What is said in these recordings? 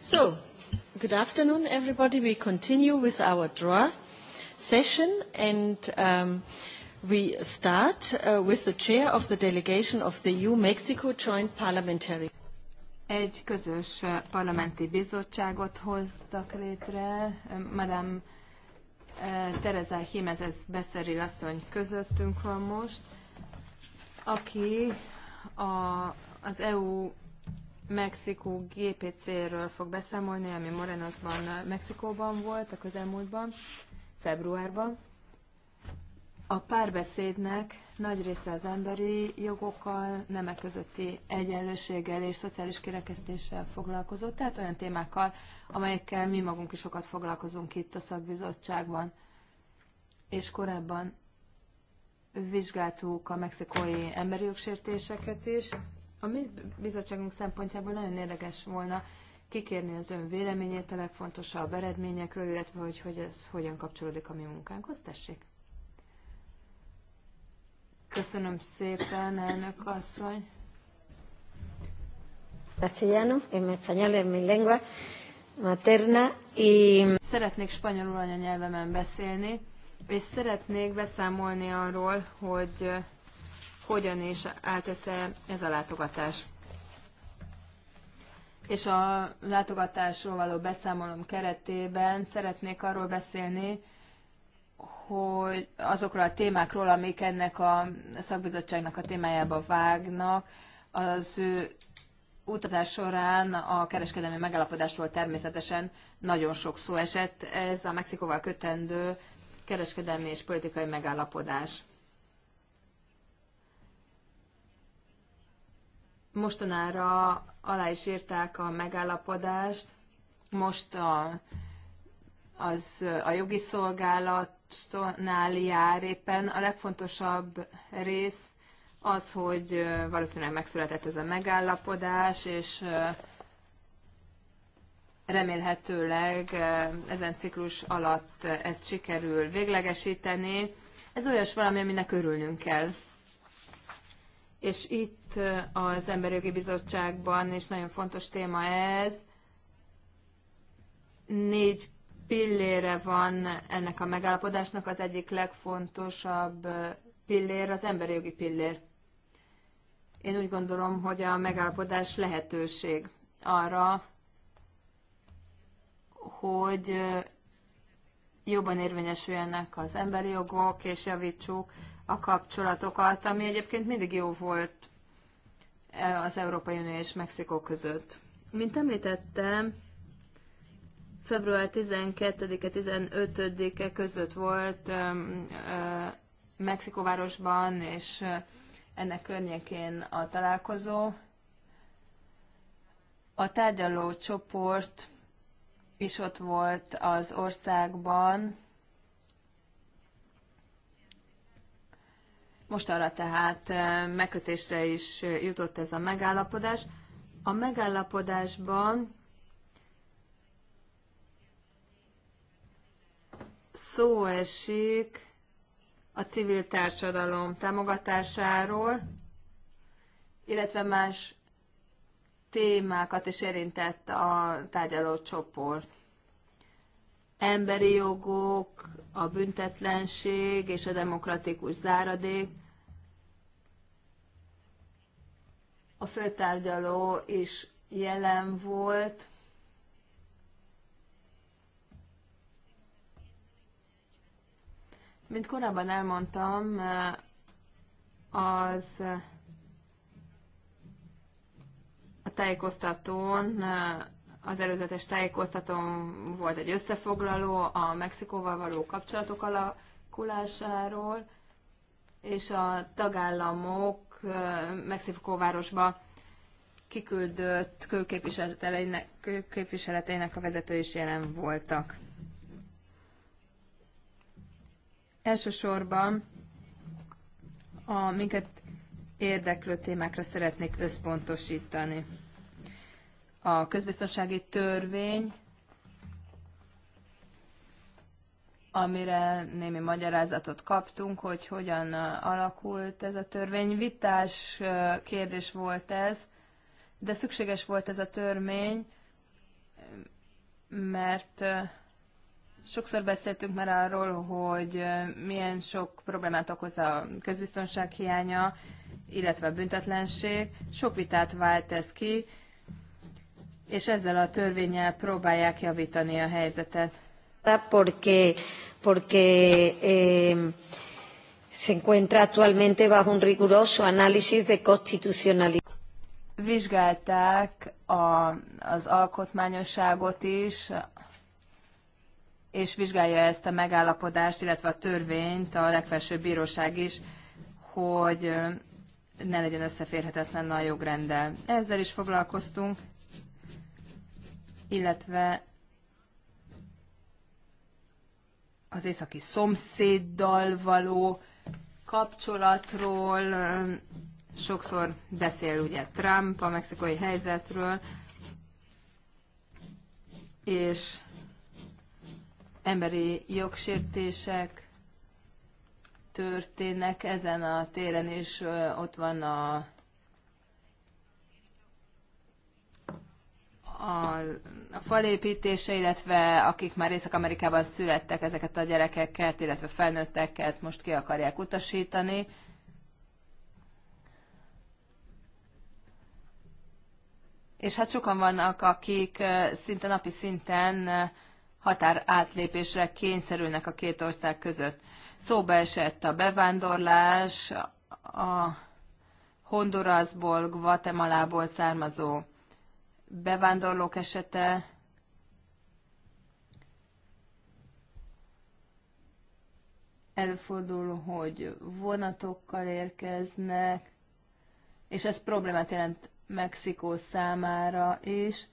So, good afternoon, everybody. We continue with our draw session, and um, we start uh, with the chair of the delegation of the EU-Mexico Joint Parliamentary. Egy közös uh, parlamenti bizottságot hoztak létre, um, Madame uh, Teresa Jiménez Beszeri asszony közöttünk van most, aki a, az EU Mexikó GPC-ről fog beszámolni, ami Morenosban, Mexikóban volt a közelmúltban, februárban. A párbeszédnek nagy része az emberi jogokkal, nemek közötti egyenlőséggel és szociális kirekesztéssel foglalkozott, tehát olyan témákkal, amelyekkel mi magunk is sokat foglalkozunk itt a szakbizottságban. És korábban vizsgáltuk a mexikói emberi jogsértéseket is, a mi bizottságunk szempontjából nagyon érdekes volna kikérni az ön véleményét a legfontosabb eredményekről, illetve hogy, hogy ez hogyan kapcsolódik a mi munkánkhoz. Tessék! Köszönöm szépen, elnök asszony! Castellano, en español es mi lengua materna y... Szeretnék spanyolul anyanyelvemen beszélni, és szeretnék beszámolni arról, hogy hogyan és állt össze ez a látogatás. És a látogatásról való beszámolom keretében szeretnék arról beszélni, hogy azokról a témákról, amik ennek a szakbizottságnak a témájába vágnak, az ő utazás során a kereskedelmi megállapodásról természetesen nagyon sok szó esett. Ez a Mexikóval kötendő kereskedelmi és politikai megállapodás. Mostanára alá is írták a megállapodást, most a, az, a jogi szolgálatnál jár éppen. A legfontosabb rész az, hogy valószínűleg megszületett ez a megállapodás, és remélhetőleg ezen ciklus alatt ezt sikerül véglegesíteni. Ez olyas valami, aminek örülnünk kell és itt az Emberjogi Bizottságban is nagyon fontos téma ez. Négy pillére van ennek a megállapodásnak, az egyik legfontosabb pillér az emberi jogi pillér. Én úgy gondolom, hogy a megállapodás lehetőség arra, hogy jobban érvényesüljenek az emberi jogok, és javítsuk a kapcsolatokat, ami egyébként mindig jó volt e, az Európai Unió és Mexikó között. Mint említettem, február 12 15-e között volt e, e, Mexikóvárosban és ennek környékén a találkozó. A tárgyaló csoport is ott volt az országban, Most arra tehát megkötésre is jutott ez a megállapodás. A megállapodásban szó esik a civil társadalom támogatásáról, illetve más témákat is érintett a tárgyaló csoport emberi jogok, a büntetlenség és a demokratikus záradék. A főtárgyaló is jelen volt. Mint korábban elmondtam, az a tájékoztatón az előzetes tájékoztatón volt egy összefoglaló a Mexikóval való kapcsolatok alakulásáról, és a tagállamok Mexikóvárosba kiküldött külképviseleteinek, külképviseleteinek a vezető is jelen voltak. Elsősorban a minket érdeklő témákra szeretnék összpontosítani a közbiztonsági törvény, amire némi magyarázatot kaptunk, hogy hogyan alakult ez a törvény. Vitás kérdés volt ez, de szükséges volt ez a törvény, mert sokszor beszéltünk már arról, hogy milyen sok problémát okoz a közbiztonság hiánya, illetve a büntetlenség. Sok vitát vált ez ki, és ezzel a törvényel próbálják javítani a helyzetet. Porque, porque eh, se encuentra actualmente bajo un riguroso análisis de constitucionalidad. Vizsgálták a, az alkotmányosságot is, és vizsgálja ezt a megállapodást, illetve a törvényt a legfelsőbb bíróság is, hogy ne legyen összeférhetetlen a jogrendel. Ezzel is foglalkoztunk illetve az északi szomszéddal való kapcsolatról sokszor beszél ugye Trump a mexikai helyzetről, és emberi jogsértések történnek ezen a téren is, ott van a a, a falépítése, illetve akik már Észak-Amerikában születtek ezeket a gyerekeket, illetve felnőtteket most ki akarják utasítani. És hát sokan vannak, akik szinte napi szinten határátlépésre kényszerülnek a két ország között. Szóba esett a bevándorlás, a Hondurasból, Guatemalából származó bevándorlók esete előfordul, hogy vonatokkal érkeznek, és ez problémát jelent Mexikó számára is.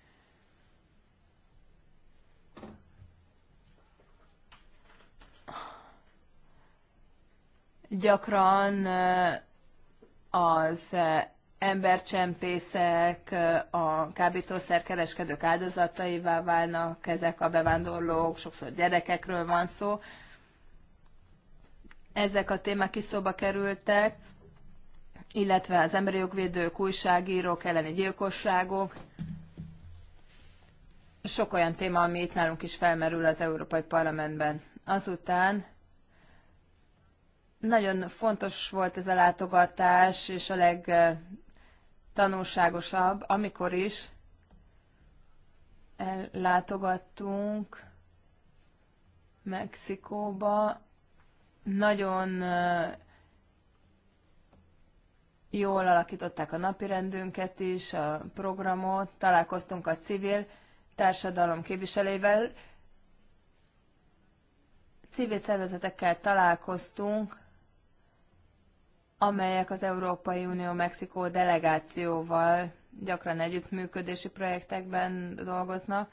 Gyakran az embercsempészek, a kábítószerkereskedők áldozataivá válnak ezek a bevándorlók, sokszor gyerekekről van szó. Ezek a témák is szóba kerültek, illetve az emberi jogvédők, újságírók elleni gyilkosságok. Sok olyan téma, ami itt nálunk is felmerül az Európai Parlamentben. Azután nagyon fontos volt ez a látogatás, és a leg tanulságosabb, amikor is ellátogattunk Mexikóba, nagyon jól alakították a napirendünket is, a programot, találkoztunk a civil társadalom képviselével, civil szervezetekkel találkoztunk, amelyek az Európai Unió Mexikó delegációval gyakran együttműködési projektekben dolgoznak.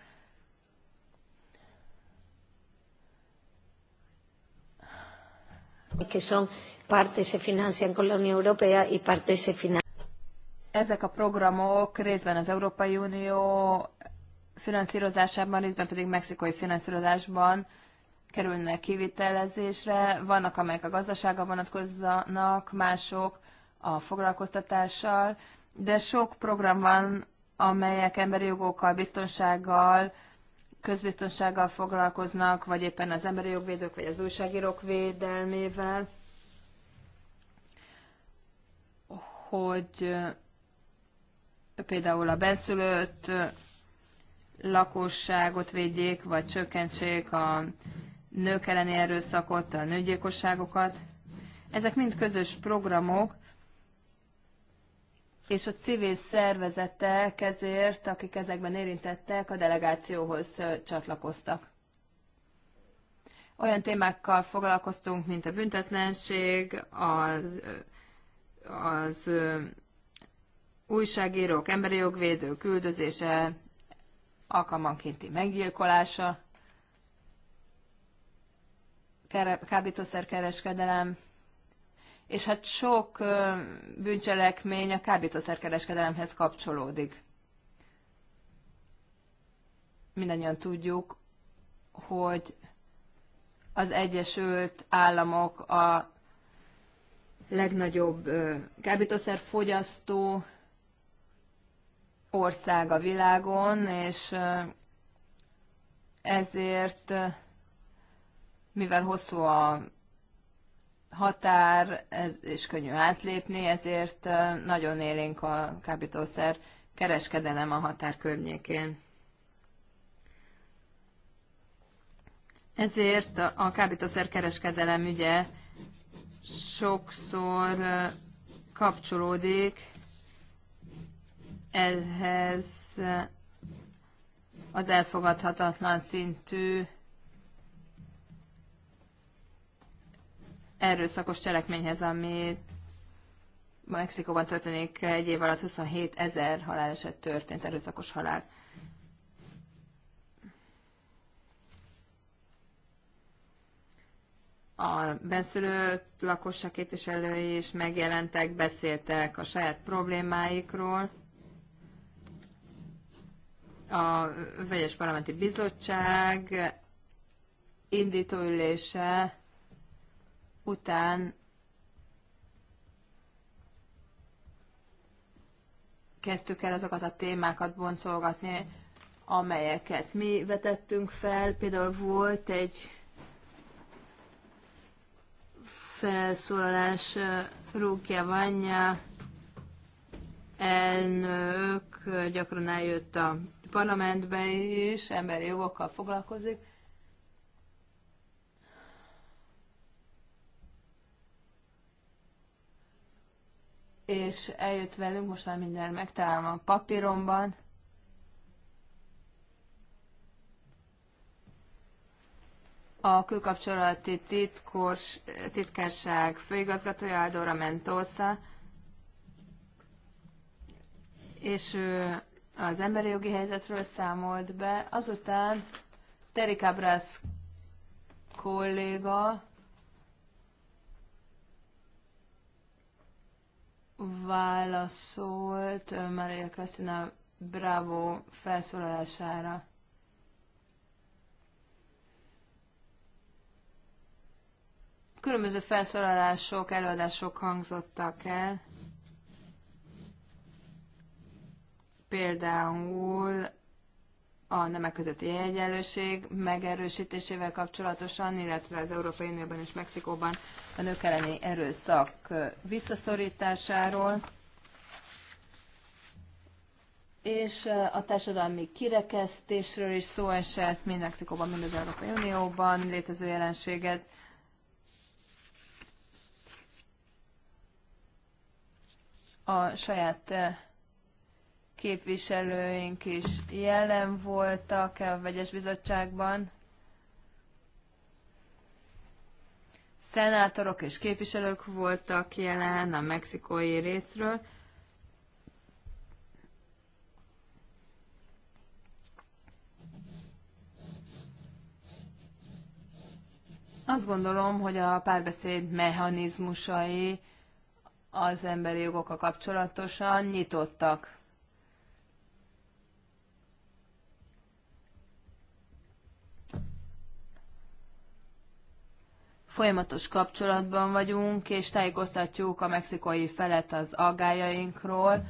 Ezek a programok részben az Európai Unió finanszírozásában, részben pedig mexikai finanszírozásban kerülnek kivitelezésre, vannak amelyek a gazdasága vonatkozzanak, mások a foglalkoztatással, de sok program van, amelyek emberi jogokkal, biztonsággal, közbiztonsággal foglalkoznak, vagy éppen az emberi jogvédők, vagy az újságírók védelmével, hogy például a benszülött lakosságot védjék, vagy csökkentsék a nők elleni erőszakot, a nőgyilkosságokat. Ezek mind közös programok, és a civil szervezetek ezért, akik ezekben érintettek, a delegációhoz csatlakoztak. Olyan témákkal foglalkoztunk, mint a büntetlenség, az, az újságírók, emberi jogvédők üldözése, alkalmankénti meggyilkolása, kábítószerkereskedelem, és hát sok bűncselekmény a kábítószerkereskedelemhez kapcsolódik. Mindannyian tudjuk, hogy az Egyesült Államok a legnagyobb kábítószerfogyasztó ország a világon, és ezért mivel hosszú a határ, ez, és könnyű átlépni, ezért nagyon élénk a kábítószer kereskedelem a határ környékén. Ezért a kábítószer kereskedelem ugye sokszor kapcsolódik ehhez az elfogadhatatlan szintű erőszakos cselekményhez, ami Mexikóban történik egy év alatt 27 ezer haláleset történt, erőszakos halál. a benszülött lakosság képviselői is megjelentek, beszéltek a saját problémáikról. A Vegyes Parlamenti Bizottság indítóülése után kezdtük el azokat a témákat boncolgatni, amelyeket mi vetettünk fel. Például volt egy felszólalás Rúkja Vanya elnök gyakran eljött a parlamentbe is, emberi jogokkal foglalkozik, és eljött velünk, most már minden megtalálom a papíromban. A külkapcsolati titkors, titkárság főigazgatója Áldóra Mentósza, és ő az emberi jogi helyzetről számolt be. Azután Terry Cabras kolléga, válaszolt Maria Cristina Bravo felszólalására. Különböző felszólalások, előadások hangzottak el. Például a nemek közötti egyenlőség megerősítésével kapcsolatosan, illetve az Európai Unióban és Mexikóban a nők elleni erőszak visszaszorításáról, és a társadalmi kirekesztésről is szó esett, mind Mexikóban, mind az Európai Unióban létező jelenség ez. A saját képviselőink is jelen voltak e a vegyes bizottságban. Szenátorok és képviselők voltak jelen a mexikói részről. Azt gondolom, hogy a párbeszéd mechanizmusai az emberi jogokkal kapcsolatosan nyitottak. Folyamatos kapcsolatban vagyunk, és tájékoztatjuk a mexikai felet az aggájainkról.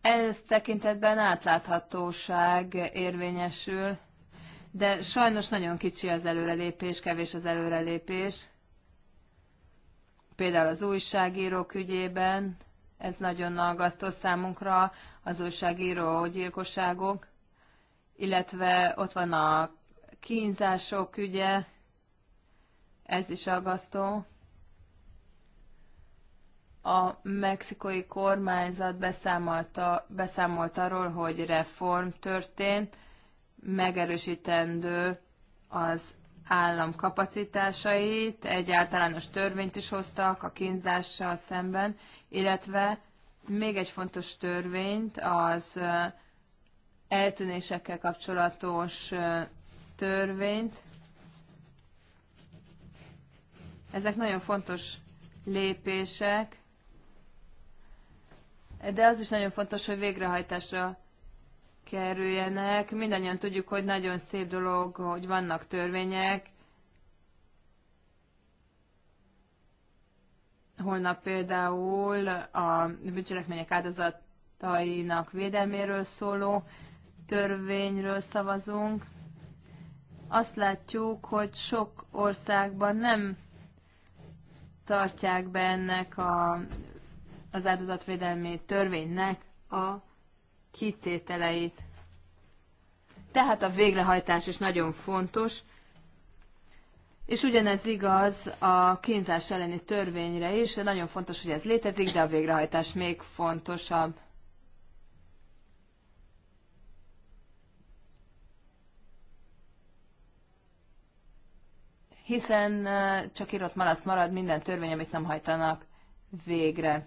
Ez tekintetben átláthatóság érvényesül, de sajnos nagyon kicsi az előrelépés, kevés az előrelépés. Például az újságírók ügyében, ez nagyon aggasztó számunkra, az újságíró gyilkosságok, illetve ott van a kínzások ugye, ez is aggasztó. A mexikai kormányzat beszámolta, beszámolt arról, hogy reform történt, megerősítendő az állam kapacitásait, egy általános törvényt is hoztak a kínzással szemben, illetve még egy fontos törvényt, az eltűnésekkel kapcsolatos törvényt. Ezek nagyon fontos lépések, de az is nagyon fontos, hogy végrehajtásra kerüljenek. Mindannyian tudjuk, hogy nagyon szép dolog, hogy vannak törvények. Holnap például a bűncselekmények áldozatainak védelméről szóló törvényről szavazunk azt látjuk, hogy sok országban nem tartják be ennek a, az áldozatvédelmi törvénynek a kitételeit. Tehát a végrehajtás is nagyon fontos, és ugyanez igaz a kínzás elleni törvényre is, nagyon fontos, hogy ez létezik, de a végrehajtás még fontosabb. hiszen csak írott malaszt marad minden törvény, amit nem hajtanak végre.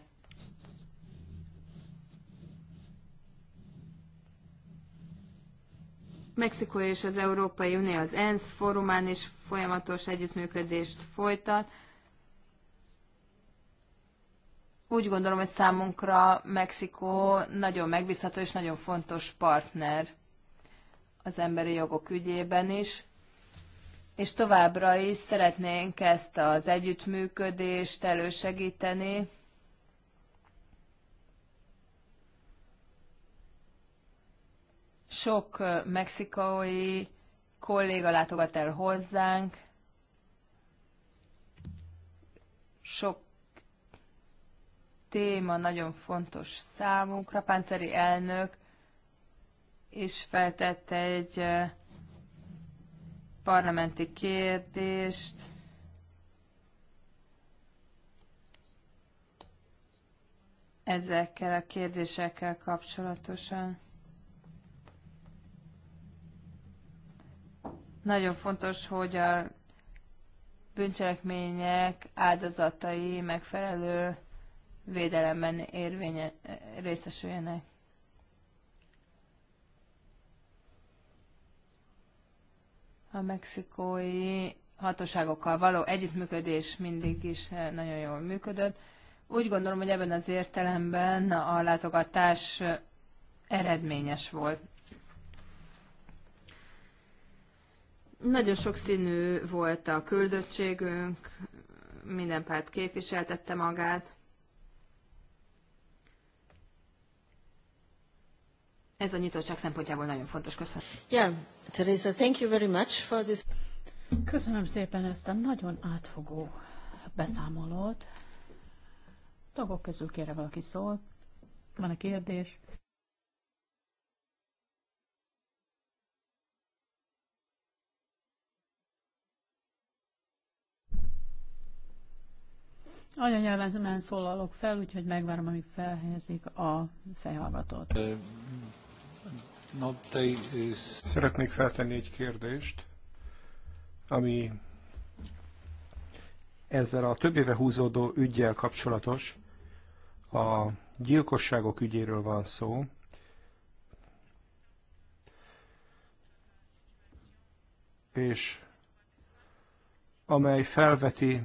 Mexikó és az Európai Unió az ENSZ fórumán is folyamatos együttműködést folytat. Úgy gondolom, hogy számunkra Mexikó nagyon megbízható és nagyon fontos partner az emberi jogok ügyében is és továbbra is szeretnénk ezt az együttműködést elősegíteni. Sok mexikai kolléga látogat el hozzánk, sok téma nagyon fontos számunkra. Pánceri elnök is feltette egy parlamenti kérdést. Ezekkel a kérdésekkel kapcsolatosan. Nagyon fontos, hogy a bűncselekmények áldozatai megfelelő védelemben érvénye, részesüljenek. A mexikói hatóságokkal való együttműködés mindig is eh, nagyon jól működött. Úgy gondolom, hogy ebben az értelemben a látogatás eh, eredményes volt. Nagyon sok színű volt a küldöttségünk, minden párt képviseltette magát. Ez a nyitottság szempontjából nagyon fontos. Köszönöm. Yeah, Teresa, thank you very much for this. Köszönöm szépen ezt a nagyon átfogó beszámolót. Tagok közül kérem valaki szól. Van a kérdés? Anyanyelven nem szólalok fel, úgyhogy megvárom, amíg felhelyezik a fejhallgatót. Szeretnék feltenni egy kérdést, ami ezzel a több éve húzódó ügyjel kapcsolatos. A gyilkosságok ügyéről van szó. És amely felveti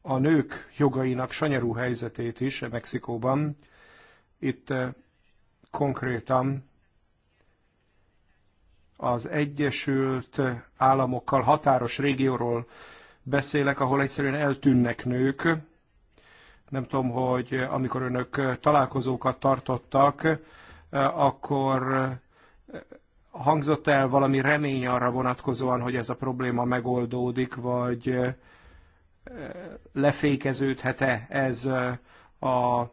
a nők jogainak sanyarú helyzetét is Mexikóban. Itt eh, konkrétan az Egyesült Államokkal határos régióról beszélek, ahol egyszerűen eltűnnek nők. Nem tudom, hogy amikor önök találkozókat tartottak, akkor hangzott el valami remény arra vonatkozóan, hogy ez a probléma megoldódik, vagy lefékeződhet-e ez a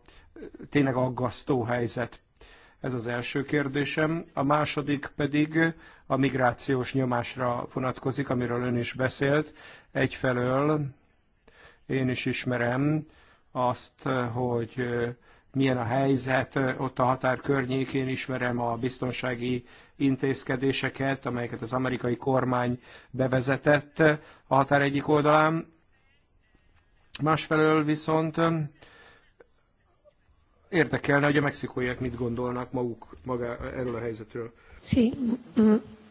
tényleg aggasztó helyzet? Ez az első kérdésem. A második pedig a migrációs nyomásra vonatkozik, amiről ön is beszélt. Egyfelől én is ismerem azt, hogy milyen a helyzet ott a határ környékén, ismerem a biztonsági intézkedéseket, amelyeket az amerikai kormány bevezetett a határ egyik oldalán. Másfelől viszont érdekelne, hogy a mexikóiak mit gondolnak maguk maga, erről a helyzetről. Sí,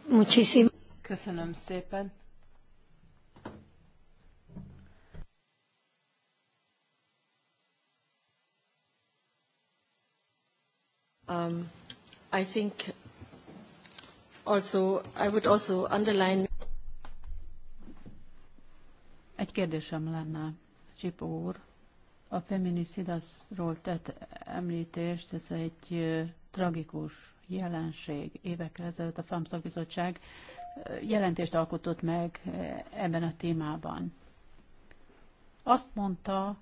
muchísimo. Köszönöm szépen. Um, I think also I would also underline egy kérdésem lenne, Csipó úr a feminicidasról tett említést, ez egy tragikus jelenség. Évekkel ezelőtt a FAM szakbizottság jelentést alkotott meg ebben a témában. Azt mondta,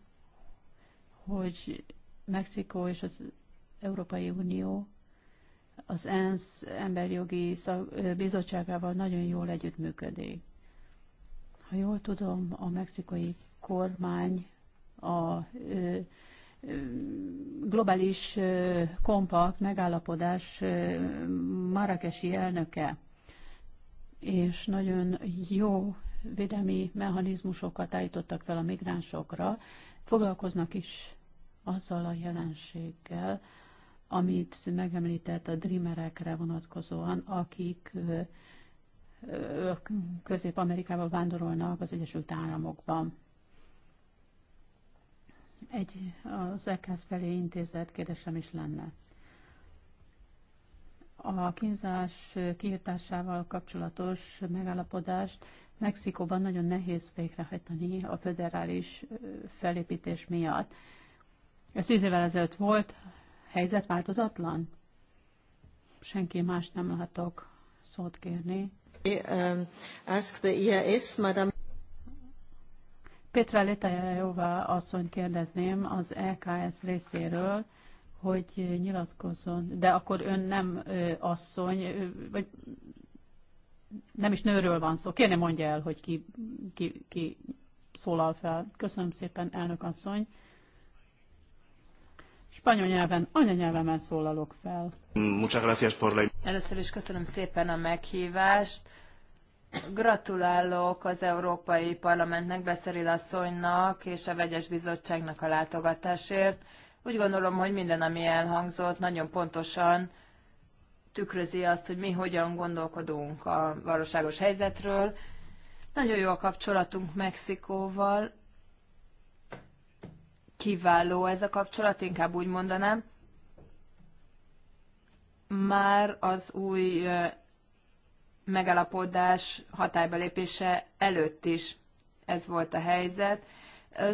hogy Mexikó és az Európai Unió az ENSZ emberjogi bizottságával nagyon jól együttműködik. Ha jól tudom, a mexikai kormány a globális kompakt megállapodás marakesi elnöke, és nagyon jó védelmi mechanizmusokat állítottak fel a migránsokra, foglalkoznak is azzal a jelenséggel, amit megemlített a dreamerekre vonatkozóan, akik Közép-Amerikába vándorolnak az Egyesült Államokban egy az ekhez felé intézett kérdésem is lenne. A kínzás kiirtásával kapcsolatos megállapodást Mexikóban nagyon nehéz végrehajtani a föderális felépítés miatt. Ez tíz évvel ezelőtt volt, helyzet változatlan? Senki más nem látok szót kérni. I, um, ask the EAS, madam. Petra Letajová asszony kérdezném az LKS e részéről, hogy nyilatkozzon, de akkor ön nem asszony, vagy nem is nőről van szó. Kérne mondja el, hogy ki, ki, ki szólal fel. Köszönöm szépen, elnök asszony. Spanyol nyelven, anyanyelvemen szólalok fel. Először is köszönöm szépen a meghívást. Gratulálok az Európai Parlamentnek, Beszeril asszonynak és a Vegyes Bizottságnak a látogatásért. Úgy gondolom, hogy minden, ami elhangzott, nagyon pontosan tükrözi azt, hogy mi hogyan gondolkodunk a valóságos helyzetről. Nagyon jó a kapcsolatunk Mexikóval. Kiváló ez a kapcsolat, inkább úgy mondanám. Már az új megalapodás hatályba lépése előtt is ez volt a helyzet.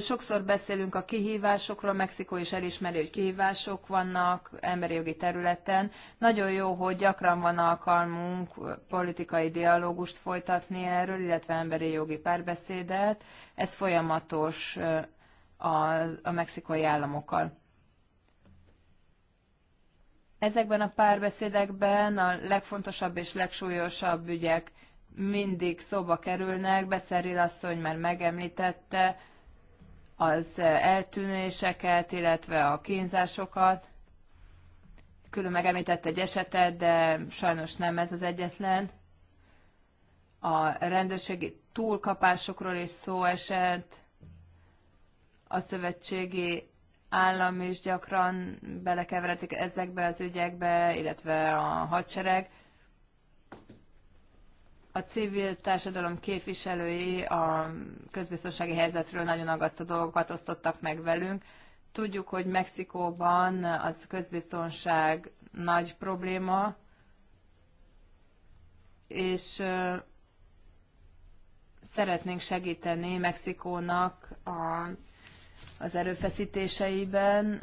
Sokszor beszélünk a kihívásokról, Mexikó is elismeri, hogy kihívások vannak emberi jogi területen. Nagyon jó, hogy gyakran van alkalmunk politikai dialógust folytatni erről, illetve emberi jogi párbeszédet. Ez folyamatos a, a mexikai államokkal. Ezekben a párbeszédekben a legfontosabb és legsúlyosabb ügyek mindig szóba kerülnek. Beszeril asszony már megemlítette az eltűnéseket, illetve a kínzásokat. Külön megemlített egy esetet, de sajnos nem ez az egyetlen. A rendőrségi túlkapásokról is szó esett, a szövetségi állam is gyakran belekeveredik ezekbe az ügyekbe, illetve a hadsereg. A civil társadalom képviselői a közbiztonsági helyzetről nagyon aggasztó dolgokat osztottak meg velünk. Tudjuk, hogy Mexikóban az közbiztonság nagy probléma, és szeretnénk segíteni Mexikónak a az erőfeszítéseiben,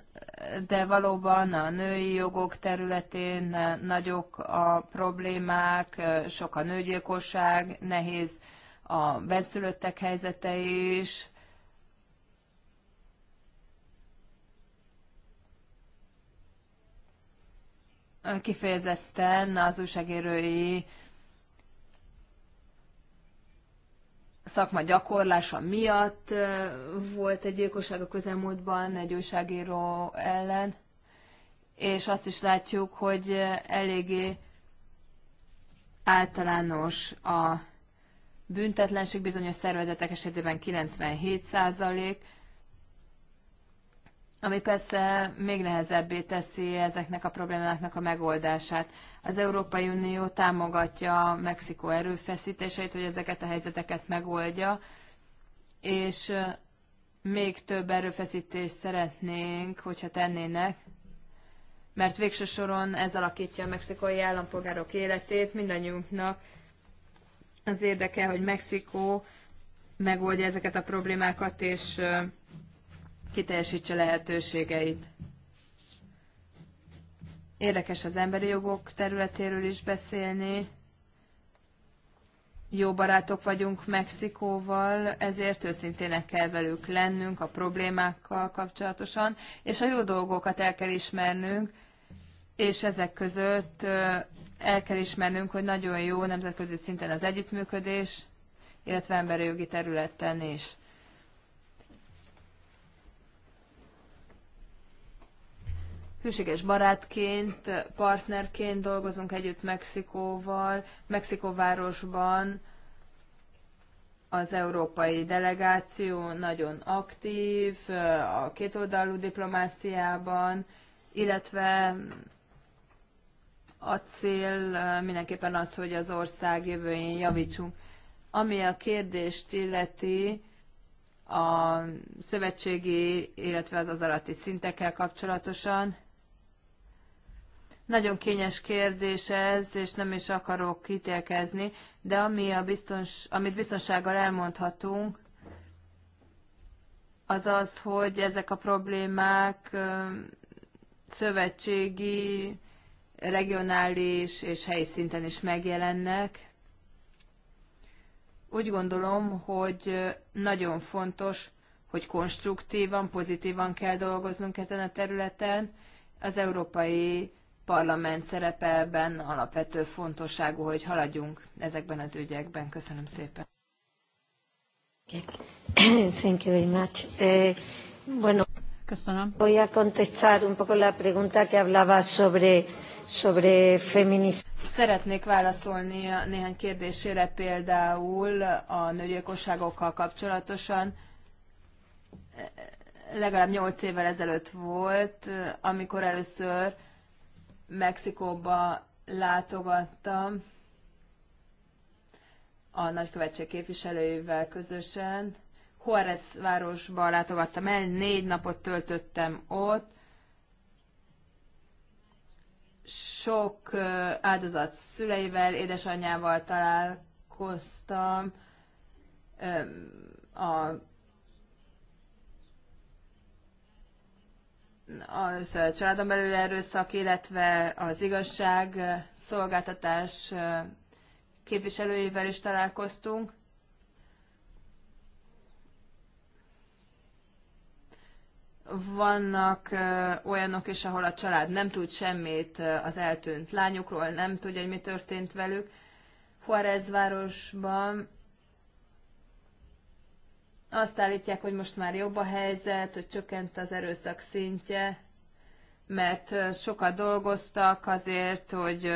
de valóban a női jogok területén nagyok a problémák, sok a nőgyilkosság, nehéz a benszülöttek helyzete is, kifejezetten az újságírói szakma gyakorlása miatt volt egy gyilkosság a közelmúltban egy újságíró ellen, és azt is látjuk, hogy eléggé általános a büntetlenség bizonyos szervezetek esetében 97 százalék, ami persze még nehezebbé teszi ezeknek a problémáknak a megoldását. Az Európai Unió támogatja Mexikó erőfeszítéseit, hogy ezeket a helyzeteket megoldja, és még több erőfeszítést szeretnénk, hogyha tennének, mert végső soron ez alakítja a mexikai állampolgárok életét, mindannyiunknak az érdeke, hogy Mexikó megoldja ezeket a problémákat, és kiteljesítse lehetőségeit. Érdekes az emberi jogok területéről is beszélni. Jó barátok vagyunk Mexikóval, ezért őszintének kell velük lennünk a problémákkal kapcsolatosan, és a jó dolgokat el kell ismernünk, és ezek között el kell ismernünk, hogy nagyon jó nemzetközi szinten az együttműködés, illetve emberi jogi területen is. hűséges barátként, partnerként dolgozunk együtt Mexikóval, Mexikóvárosban az európai delegáció nagyon aktív a kétoldalú diplomáciában, illetve a cél eh, mindenképpen az, hogy az ország jövőjén javítsunk. Ami a kérdést illeti, a szövetségi, illetve az az alatti szintekkel kapcsolatosan, nagyon kényes kérdés ez, és nem is akarok kitélkezni, de ami a biztons, amit biztonsággal elmondhatunk, az az, hogy ezek a problémák szövetségi, regionális és helyi szinten is megjelennek. Úgy gondolom, hogy nagyon fontos, hogy konstruktívan, pozitívan kell dolgoznunk ezen a területen. Az európai parlament szerepelben alapvető fontosságú, hogy haladjunk ezekben az ügyekben. Köszönöm szépen. Thank you very much. Eh, bueno, Köszönöm. Voy a contestar un poco la pregunta que hablaba sobre, sobre feminist. Szeretnék válaszolni a néhány kérdésére például a nőgyilkosságokkal kapcsolatosan eh, legalább nyolc évvel ezelőtt volt, amikor először Mexikóba látogattam a nagykövetség képviselőivel közösen. Juárez városba látogattam el, négy napot töltöttem ott. Sok áldozat szüleivel, édesanyjával találkoztam, a az családon belül erőszak, illetve az igazság szolgáltatás képviselőivel is találkoztunk. Vannak olyanok is, ahol a család nem tud semmit az eltűnt lányukról, nem tudja, hogy mi történt velük. Juarezvárosban azt állítják, hogy most már jobb a helyzet, hogy csökkent az erőszak szintje, mert sokat dolgoztak azért, hogy,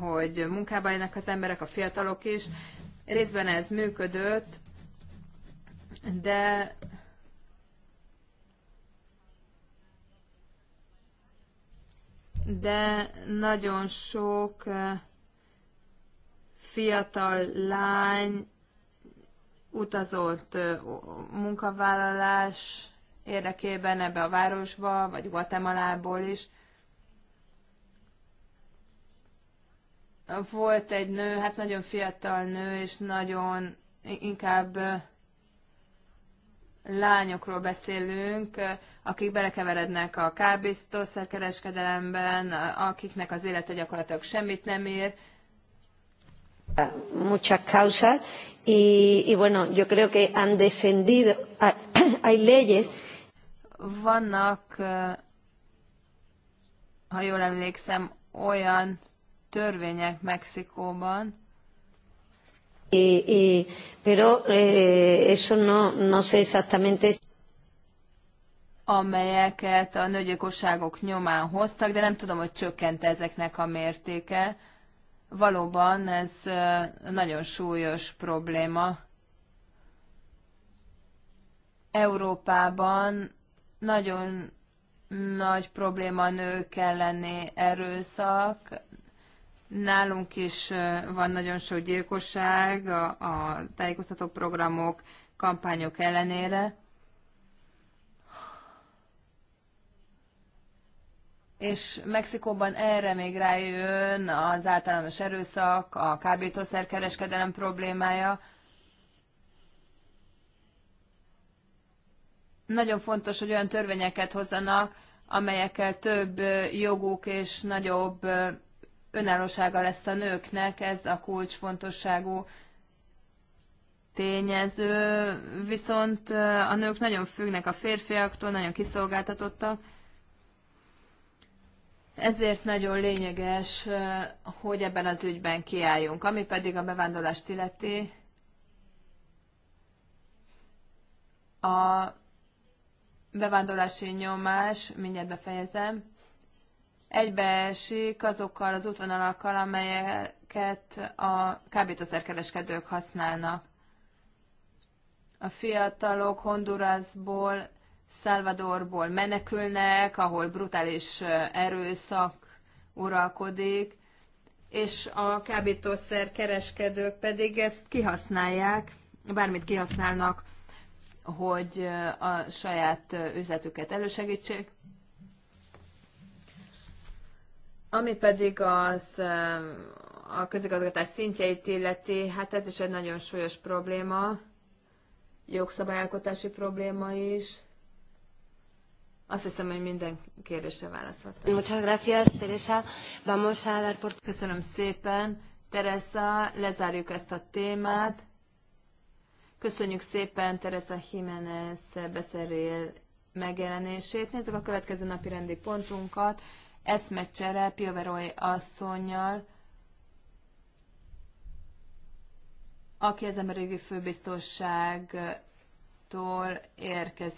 hogy munkába jönnek az emberek, a fiatalok is. Részben ez működött, de de nagyon sok fiatal lány utazott munkavállalás érdekében ebbe a városba, vagy Guatemalából is. Volt egy nő, hát nagyon fiatal nő, és nagyon inkább lányokról beszélünk, akik belekeverednek a kábítószerkereskedelemben, akiknek az élete gyakorlatilag semmit nem ér, Muchas causas y, y bueno, yo creo que han descendido, ah, hay leyes. Vannak, eh, ha jól emlékszem, olyan törvények Mexikóban, y, y, pero eh, eso no, no sé exactamente amelyeket a nőgyilkosságok nyomán hoztak, de nem tudom, hogy csökkent ezeknek a mértéke. Valóban ez nagyon súlyos probléma. Európában nagyon nagy probléma a nők elleni erőszak. Nálunk is van nagyon sok gyilkosság a, a tájékoztató programok, kampányok ellenére. és Mexikóban erre még rájön az általános erőszak, a kábítószerkereskedelem problémája. Nagyon fontos, hogy olyan törvényeket hozzanak, amelyekkel több joguk és nagyobb önállósága lesz a nőknek, ez a kulcsfontosságú tényező, viszont a nők nagyon függnek a férfiaktól, nagyon kiszolgáltatottak, ezért nagyon lényeges, hogy ebben az ügyben kiálljunk. Ami pedig a bevándorlást illeti, a bevándorlási nyomás, mindjárt befejezem, egybeesik azokkal az útvonalakkal, amelyeket a kábítószerkereskedők használnak. A fiatalok Hondurasból Salvadorból menekülnek, ahol brutális erőszak uralkodik, és a kábítószer kereskedők pedig ezt kihasználják, bármit kihasználnak, hogy a saját üzletüket elősegítsék. Ami pedig az a közigazgatás szintjeit illeti, hát ez is egy nagyon súlyos probléma, jogszabályalkotási probléma is. Azt hiszem, hogy minden kérdésre válaszoltam. Muchas gracias, Teresa. Vamos a dar por... Köszönöm szépen, Teresa. Lezárjuk ezt a témát. Köszönjük szépen Teresa Jiménez beszerél megjelenését. Nézzük a következő napi rendi pontunkat. Eszmecsere Pioveroy asszonynal, aki az emberi főbiztosságtól érkezett.